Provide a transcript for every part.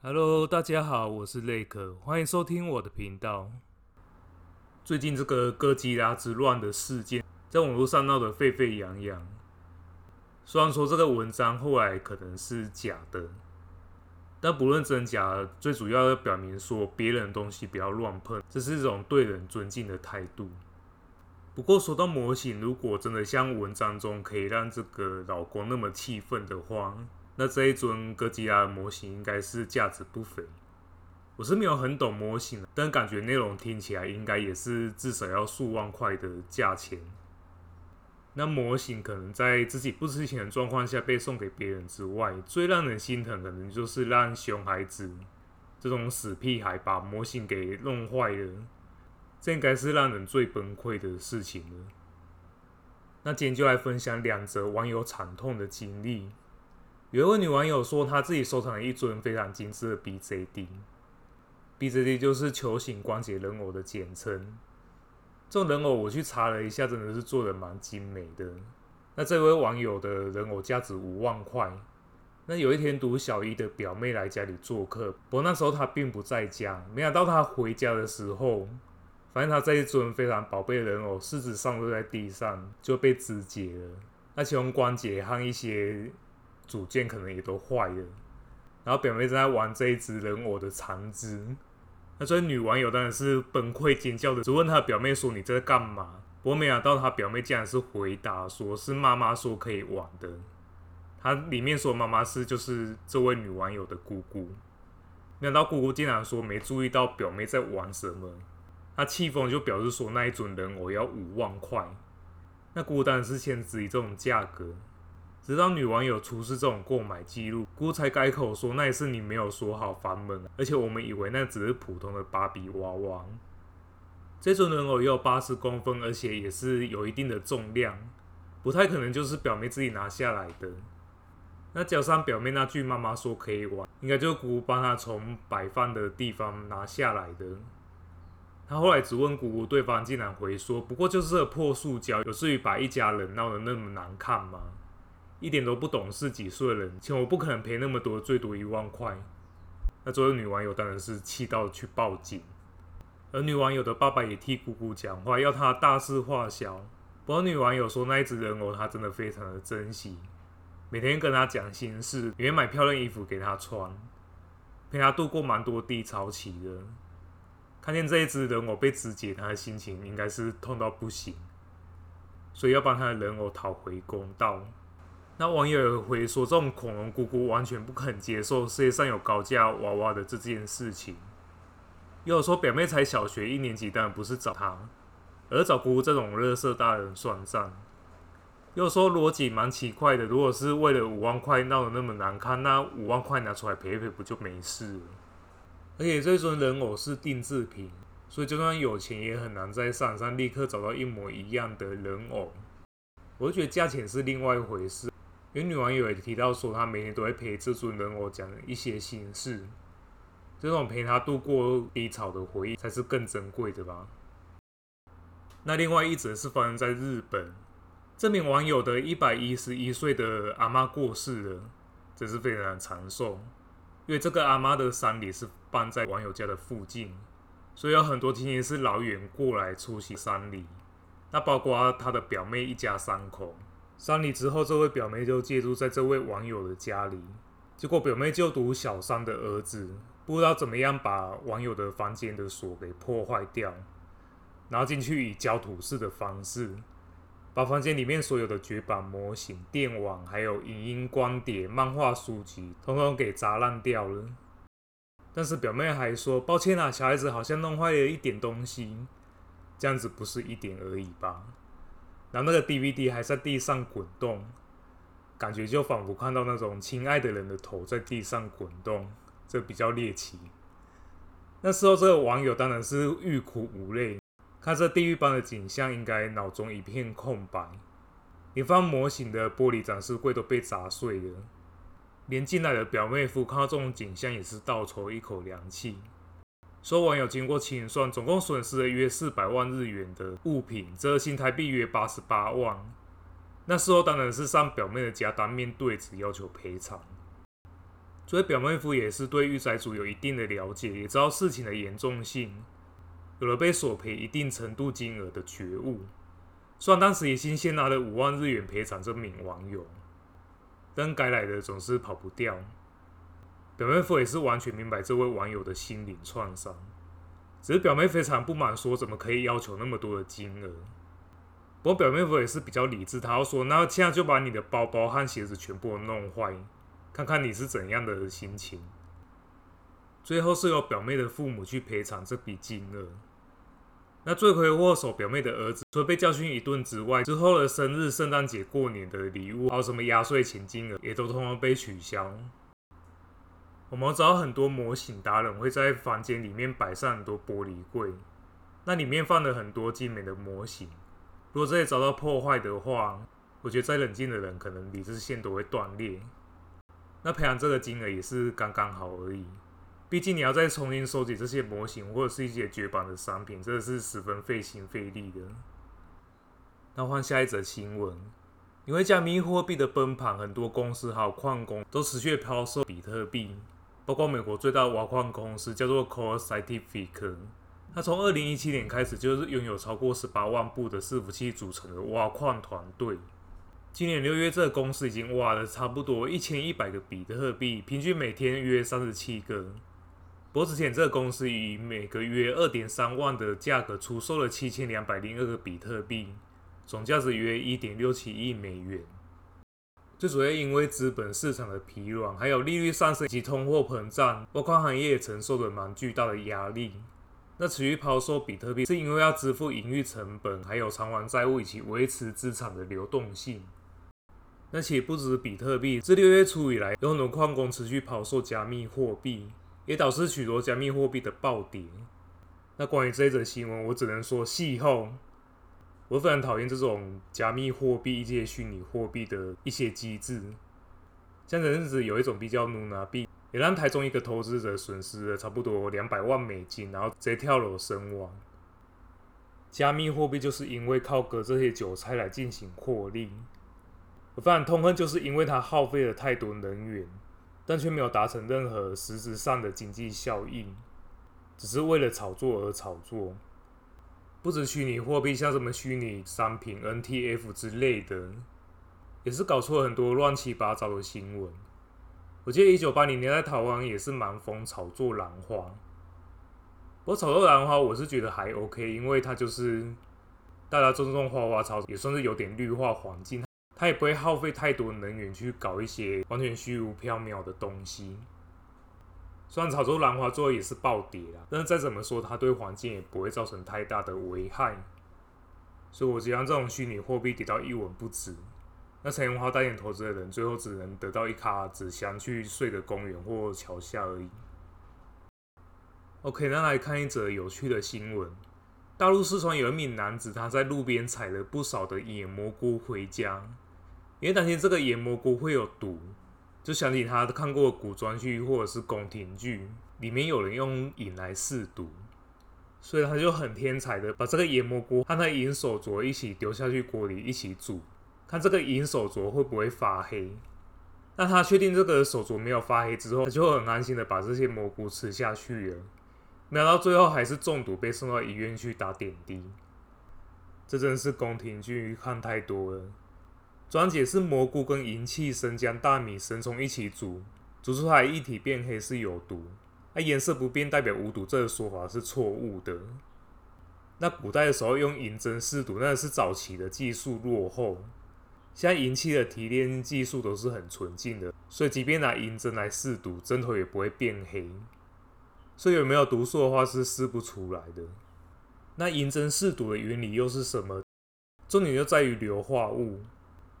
Hello，大家好，我是 Lake，歡迎收聽我的頻道。最近這個哥吉拉之亂的事件在網絡上鬧得沸沸揚揚。雖然說這個文章後來可能是假的，但不論真假，最主要要表明說別人東西不要亂碰，這是一種對人尊敬的態度。不過說到模型，如果真的像文章中可以讓這個老公那麼氣憤的話。那這一尊哥吉拉的模型應該是價值不菲，我是沒有很懂模型，但感覺內容聽起來應該也是至少要數萬塊的價錢。那模型可能在自己不知情的狀況下被送給別人之外，最讓人心疼的可能就是讓熊孩子這種死屁孩把模型給弄壞了，這應該是讓人最崩潰的事情了。那今天就來分享兩則網友慘痛的經歷。有一位女網友說，她自己收藏了一尊非常精緻的 BJD，BJD 就是球形關節人偶的簡稱。這種人偶我去查了一下，真的是做得蠻精美的。那這位網友的人偶價值五萬塊。那有一天，讀小一的表妹來家裡做客，不過那時候她並不在家。沒想到她回家的時候，發現她這一尊非常寶貝的人偶，四肢散落在地上，就被肢解了。那其中關節和一些組件可能也都壞了，然後表妹正在玩這一隻人偶的殘肢，那所以女網友當然是崩潰尖叫的。質問她表妹說：“你在幹嘛？”不過沒想到她表妹竟然是回答說：“是媽媽說可以玩的。”她裡面說媽媽是就是這位女網友的姑姑，沒想到姑姑竟然說沒注意到表妹在玩什麼，她氣瘋就表示說那一種人偶要五萬塊，那姑姑當然是先質疑這種價格。直到女網友出示這種購買記錄，姑才改口說：“那也是你沒有鎖好房門。而且我們以為那只是普通的芭比娃娃，這種人偶也有八十公分，而且也是有一定的重量，不太可能就是表妹自己拿下來的。那加上表妹那句‘媽媽說可以玩’，應該就是姑姑幫她從擺放的地方拿下來的。她後來質問姑姑，對方竟然回說：‘不過就是這個破塑膠，有至於把一家人鬧得那麼難看嗎？’”一點都不懂事，幾歲人情我不可能賠那麼多，最多一萬塊。那這位女網友當然是氣到去報警，而女網友的爸爸也替姑姑講話，要她大事化小。不過女網友說，那一隻人偶她真的非常的珍惜，每天跟她講心事，也買漂亮衣服給她穿，陪她度過蠻多低潮期的。看見這一隻人偶被肢解，她的心情應該是痛到不行，所以要幫她的人偶討回公道。那網友回說：“這種恐龍姑姑完全不肯接受世界上有高價娃娃的這件事情。”又說：“表妹才小學一年級，當然不是找她，而找姑姑這種垃圾大人算賬。”又說：“邏輯蠻奇怪的，如果是為了五萬塊鬧得那麼難看，那五萬塊拿出來賠一賠不就沒事了？而且這尊人偶是定制品，所以就算有錢也很難在市場上立刻找到一模一樣的人偶。”我覺得價錢是另外一回事。有女網友也提到說，她每天都會陪這尊人偶講一些心事，這種陪她度過低潮的回憶才是更珍貴的吧。那另外一則是發生在日本，這名網友的一百一十一歲的阿嬤過世了，真是非常的長壽。因為這個阿嬤的喪禮是辦在網友家的附近，所以有很多親戚是老遠過來出席喪禮，那包括他的表妹一家三口。喪禮之後，這位表妹就借住在這位網友的家裡。結果表妹就讀小三的兒子，不知道怎麼樣把網友的房間的鎖給破壞掉，然後進去以焦土式的方式，把房間裡面所有的絕版模型、電網、還有影音光碟、漫畫書籍，統統給砸爛掉了。但是表妹還說：“抱歉啊，小孩子好像弄壞了一點東西，這樣子不是一點而已吧？”然後那個 DVD 還在地上滾動，感覺就仿佛看到那種親愛的人的頭在地上滾動，這比較獵奇。那時候這個網友當然是欲哭無淚，看這地獄般的景象，應該腦中一片空白。你放模型的玻璃展示櫃都被砸碎了，連進來的表妹夫看到這種景象也是倒抽一口涼氣。說網友經過清算，總共損失了約四百萬日元的物品，折新台幣約八十八萬。那時候當然是上表妹的家當面對質，要求賠償。作為表妹夫，也是對御宅族有一定的了解，也知道事情的嚴重性，有了被索賠一定程度金額的覺悟。雖然當時已經先拿了五萬日元賠償這名網友，但該來的總是跑不掉。表妹夫也是完全明白這位網友的心靈創傷，只是表妹非常不滿，說怎麼可以要求那麼多的金額？不過表妹夫也是比較理智，他要說，那現在就把你的包包和鞋子全部弄壞，看看你是怎樣的心情。最後是由表妹的父母去賠償這筆金額。那罪魁禍首表妹的兒子，除了被教訓一頓之外，之後的生日、聖誕節、過年的禮物，還有什麼壓歲錢金額，也都通通被取消。我們找到很多模型達人會在房間裡面擺上很多玻璃櫃，那裡面放了很多精美的模型。如果這些遭到破壞的話，我覺得再冷靜的人可能理智線都會斷裂。那賠償這個金額也是剛剛好而已，畢竟你要再重新收集這些模型或者是一些絕版的商品，真的是十分費心費力的。那換下一則新聞，因為加密貨幣的崩盤，很多公司還有礦工都持續拋售比特幣。包括美國最大的挖礦公司叫做 Core Scientific，它從二零一七年開始就是擁有超過十八萬部的伺服器組成的挖礦團隊。今年六月，這個公司已經挖了差不多一千一百個比特幣，平均每天約三十七個。不過之前，這個公司以每個約二點三萬的價格出售了七千兩百零二個比特幣，總價值約一點六七億美元。最主要因為資本市場的疲軟，還有利率上升及通貨膨脹，挖礦行業也承受着蠻巨大的壓力。那持續拋售比特幣是因為要支付營運成本，還有償還債務以及維持資產的流動性。那且不止比特幣，自六月初以來，有很多礦工持續拋售加密貨幣，也導致許多加密貨幣的暴跌。那關於這則新聞，我只能說細後。我非常討厭這種加密貨幣、一些虛擬貨幣的一些機制。這樣的日子有一種比較努拿幣，也讓台中一個投資者損失了差不多兩百萬美金，然後直接跳樓身亡。加密貨幣就是因為靠割這些韭菜來進行獲利。我非常痛恨，就是因為它耗費了太多能源，但卻沒有達成任何實質上的經濟效應，只是為了炒作而炒作。不止虛擬貨幣，像什麼虛擬商品、NFT 之類的，也是搞出了很多亂七八糟的新聞。我記得一九八零年在台灣也是蠻瘋炒作蘭花。不過炒作蘭花，我是覺得還 OK，因為它就是大家種種花花草草，也算是有點綠化環境。它也不會耗費太多能源去搞一些完全虛無縹緲的東西。雖然炒作蘭花做的也是暴跌了，但是再怎麼說，它對環境也不會造成太大的危害。所以，我只讓這種虛擬貨幣跌到一文不值，那陳永華代言投資的人，最後只能得到一卡紙箱去睡個公園或橋下而已。OK，那來看一則有趣的新聞：大陸四川有一名男子，他在路邊採了不少的野蘑菇回家，因為擔心這個野蘑菇會有毒。就想起他看過古裝劇或者是宮廷劇，裡面有人用銀來試毒，所以他就很天才的把這個野蘑菇和那銀手鐲一起丟下去鍋裡一起煮，看這個銀手鐲會不會發黑。當他確定這個手鐲沒有發黑之後，他就很安心的把這些蘑菇吃下去了。沒想到最後還是中毒，被送到醫院去打點滴。這真的是宮廷劇看太多了。莊姐是蘑菇跟銀器、生薑、大米、生蔥一起煮，煮出來液體變黑是有毒。那顏色不變代表無毒，這個說法是錯誤的。那古代的時候用銀針試毒，那是早期的技術落後，現在銀器的提煉技術都是很純淨的，所以即便拿銀針來試毒，針頭也不會變黑。所以有沒有毒素的話是試不出來的。那銀針試毒的原理又是什麼？重點就在於硫化物。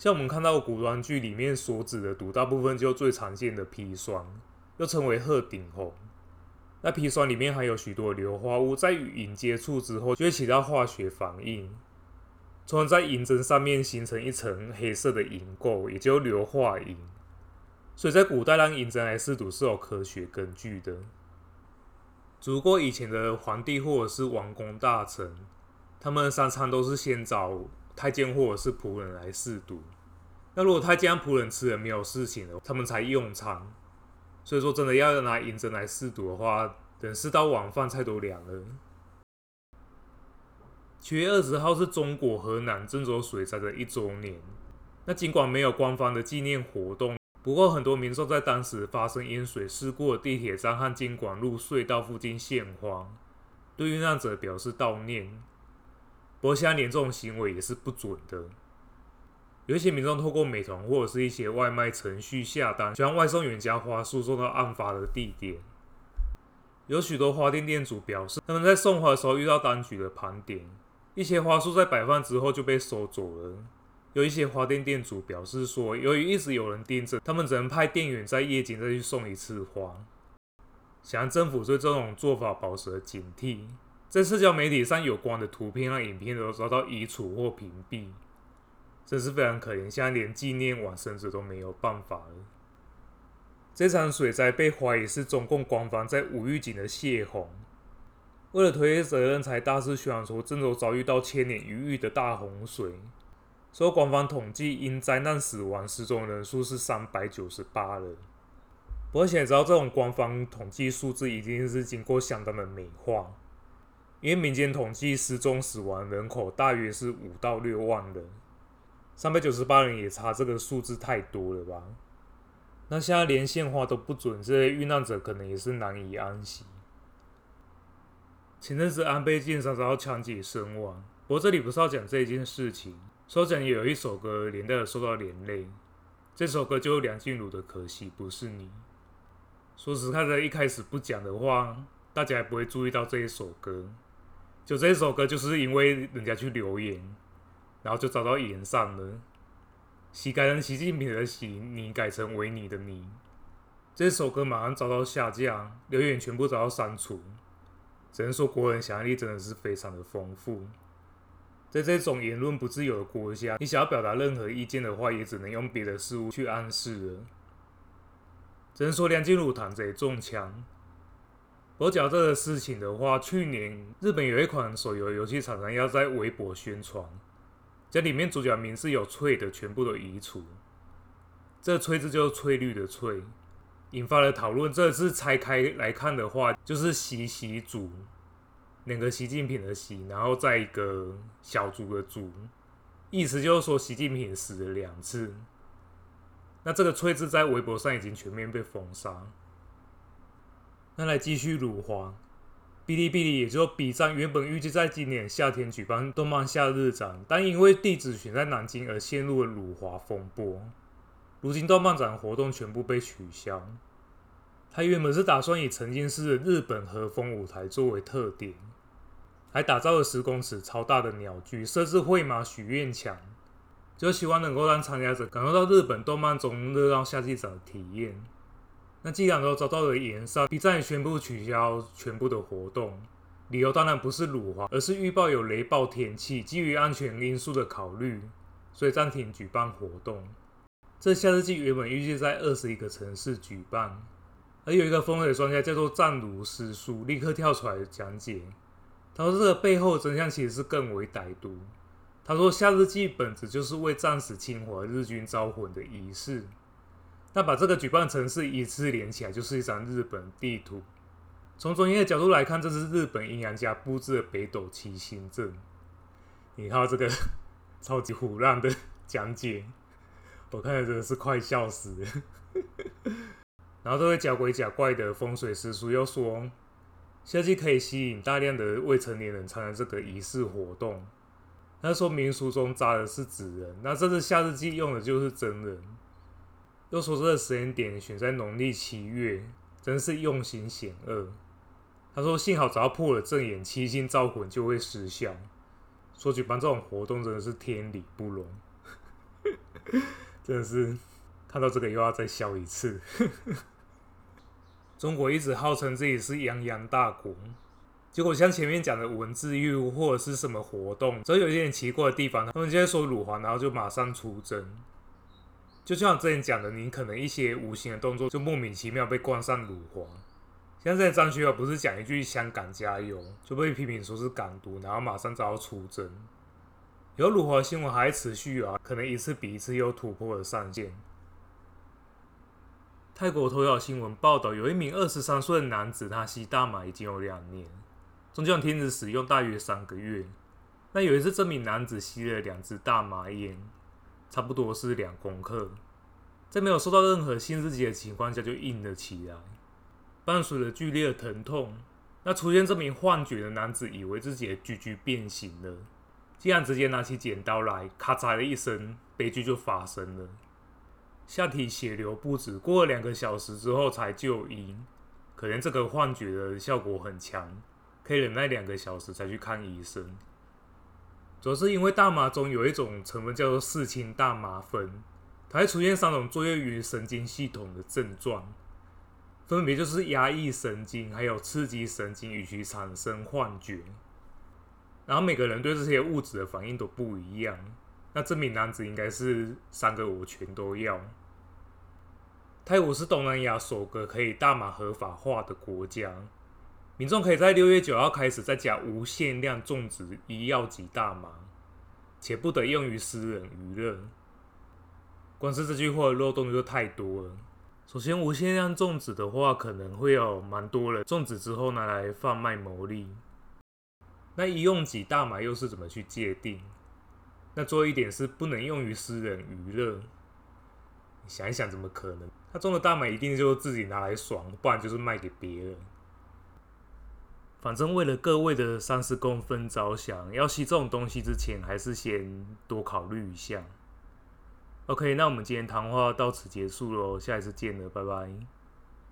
像我們看到古裝劇裡面所指的毒，大部分就是最常見的砒霜，又稱為鶴頂紅。那砒霜裡面含有許多硫化物，在與銀接觸之後，就會起到化學反應，從而在銀針上面形成一層黑色的銀垢，也就硫化銀。所以在古代讓銀針來試毒是有科學根據的。如果以前的皇帝或者是王公大臣，他們三餐都是先找。太監或者是僕人來試毒，那如果太監、僕人吃了沒有事情的，他們才用餐。所以說，真的要拿銀針來試毒的話，等試到晚飯菜都涼了。七月二十號是中國河南鄭州水災的一周年。那儘管沒有官方的紀念活動，不過很多民眾在當時發生淹水事故的地鐵站和京廣路隧道附近獻花，對遇難者表示悼念。不過現在這種行為也是不准的。有一些民眾透過美團或者是一些外賣程序下單，希外送員將花束送到案發的地點。有許多花店店主表示，他們在送花的時候遇到當局的盤點，一些花束在擺放之後就被收走了。有一些花店店主表示說，由於一直有人盯着他們，只能派店員在夜間再去送一次花。想政府對這種做法保持警惕。在社交媒體上有關的圖片和影片都遭到移除或屏蔽，真是非常可憐。現在連紀念往生者都沒有辦法了。這場水災被懷疑是中共官方在無預警的洩洪，為了推卸責任才大肆宣傳說鄭州遭遇到千年一遇的大洪水。據官方統計，因災難死亡失蹤人數是三百九十八人。不過，現在知道這種官方統計數字已經是經過相當的美化。因為民間統計失蹤死亡人口大約是五到六萬人，三百九十八人也差這個數字太多了吧？那現在連獻花都不准，這些遇難者可能也是難以安息。前陣子安倍晉三遭到槍擊身亡，不過這裡不是要講這件事情，所講也有一首歌連帶了受到連累，這首歌就是梁靜茹的《可惜不是你》。說實在一開始不講的話，大家也不會注意到這一首歌。就這首歌，就是因為人家去留言，然後就遭到言上了，習改成習近平的習，你改成維尼的尼。這首歌馬上遭到下架，留言全部遭到刪除，只能說國人想象力真的是非常的豐富，在這種言論不自由的國家，你想要表達任何意見的話，也只能用別的事物去暗示了，只能說梁靜茹躺着中槍。我講這個事情的話，去年日本有一款手遊遊戲廠商要在微博宣傳，這裡面主角名是有“翠”的，全部都移除。這個“翠”字就是翠綠的“翠”，引發了討論。這次拆開來看的話，就是“習習卒”，兩個習近平的“習”，然後再一個小“卒”的“卒”，意思就是說習近平死了兩次。那這個“翠”字在微博上已經全面被封殺。那來繼續辱華，嗶哩嗶哩也就 B 站原本預計在今年夏天舉辦動漫夏日展，但因為地址選在南京而陷入了辱華風波。如今動漫展活動全部被取消。他原本是打算以沉浸式的日本和風舞台作為特點，還打造了十公尺超大的鳥居，設置繪馬許願牆，就希望能夠讓參加者感受到日本動漫中熱鬧夏季展的體驗。那既然都遭到了延燒，B 站也宣布取消全部的活動，理由當然不是辱華，而是預報有雷暴天氣，基於安全因素的考慮，所以暫停舉辦活動。這夏日祭原本預計在二十一個城市舉辦，而有一個風水專家叫做戰如師叔立刻跳出來的講解，他說這個背後的真相其實是更為歹毒。他說夏日祭本質就是為戰死侵華日軍招魂的儀式。那把這個舉辦城市依次連起來，就是一張日本地圖。從專業角度來看，這是日本陰陽家布置的北斗七星陣。你看這個超級唬爛的講解，我看得真的是快笑死了。 然後這位假鬼假怪的風水師叔又說，夏季可以吸引大量的未成年人參加這個儀式活動。那說民俗中紮的是紙人，那這次夏日祭用的就是真人。又說這個時間點選在農曆七月，真是用心險惡。他說幸好只要破了正眼，七星招魂就會失效。說舉辦這種活動真的是天理不容， 真的是看到這個又要再笑一次。 中國一直號稱自己是泱泱大國，結果像前面講的文字獄或者是什麼活動，只要有一點奇怪的地方。他們現在說辱華，然後就馬上出征。就像我之前講的，你可能一些無形的動作就莫名其妙被冠上辱華。現在張學友、啊、不是講一句“香港加油”就被批評說是港獨，然後馬上找到出征。有辱華新聞還持續啊，可能一次比一次又突破了上限。泰國頭條新聞報道，有一名二十三歲的男子，他吸大麻已經有兩年，中間停止使用大約三個月。那有一次，這名男子吸了兩支大麻菸。差不多是兩公克，在沒有受到任何限制的情況下就硬了起來，伴隨着劇烈的疼痛。那出現這名幻覺的男子以為自己的 JJ 變形了，竟然直接拿起剪刀來，咔嚓了一聲，悲劇就發生了。下體血流不止，過了兩個小時之後才就醫。可能這個幻覺的效果很強，可以忍耐兩個小時才去看醫生。主要是因為大麻中有一種成分叫做四氫大麻酚，它會出現三種作用於神經系統的症狀，分別就是壓抑神經、還有刺激神經以及產生幻覺。然後每個人對這些物質的反應都不一樣。那這名男子應該是三個我全都要。泰國是東南亞首個可以大麻合法化的國家。民眾可以在六月九號開始在家無限量種植醫藥級大麻，且不得用於私人娛樂。光是這句話的漏洞就太多了。首先，無限量種植的話，可能會有蠻多人種植之後拿來販賣牟利。那醫用級大麻又是怎麼去界定？那最後一點是不能用於私人娛樂，想一想，怎麼可能？他種的大麻，一定就是自己拿來爽，不然就是賣給別人。反正為了各位的三十公分着想，要吸這種東西之前，還是先多考慮一下。OK，那我們今天談話到此結束嘍，下一次見了，拜拜。